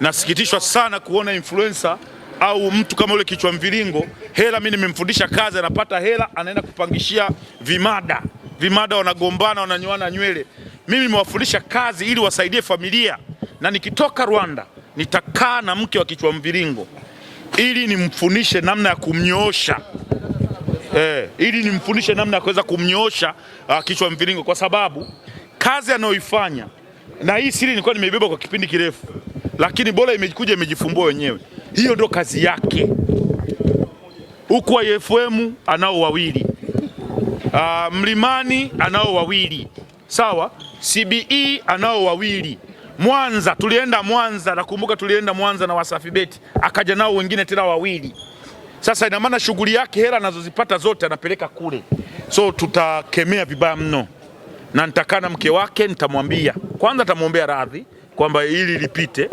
Nasikitishwa sana kuona influencer au mtu kama yule kichwa mviringo hela. Mimi nimemfundisha kazi, anapata hela, anaenda kupangishia vimada vimada, wanagombana, wananyoana nywele. Mimi nimewafundisha kazi ili wasaidie familia, na nikitoka Rwanda nitakaa na mke wa kichwa mviringo ili nimfundishe namna ya kumnyoosha eh, ili nimfundishe namna ya kuweza kumnyoosha uh, kichwa mviringo, kwa sababu kazi anayoifanya, na hii siri nilikuwa nimeibeba kwa kipindi kirefu lakini bora imekuja imejifumbua wenyewe. Hiyo ndo kazi yake. Huku IFM anao wawili, uh, Mlimani anao wawili, sawa. CBE anao wawili. Mwanza tulienda Mwanza, nakumbuka tulienda Mwanza na Wasafi Beti, akaja nao wengine tena wawili. Sasa ina maana shughuli yake, hela anazozipata zote anapeleka kule, so tutakemea vibaya mno, na nitakaa na mke wake, nitamwambia kwanza, atamwombea radhi kwamba hili lipite.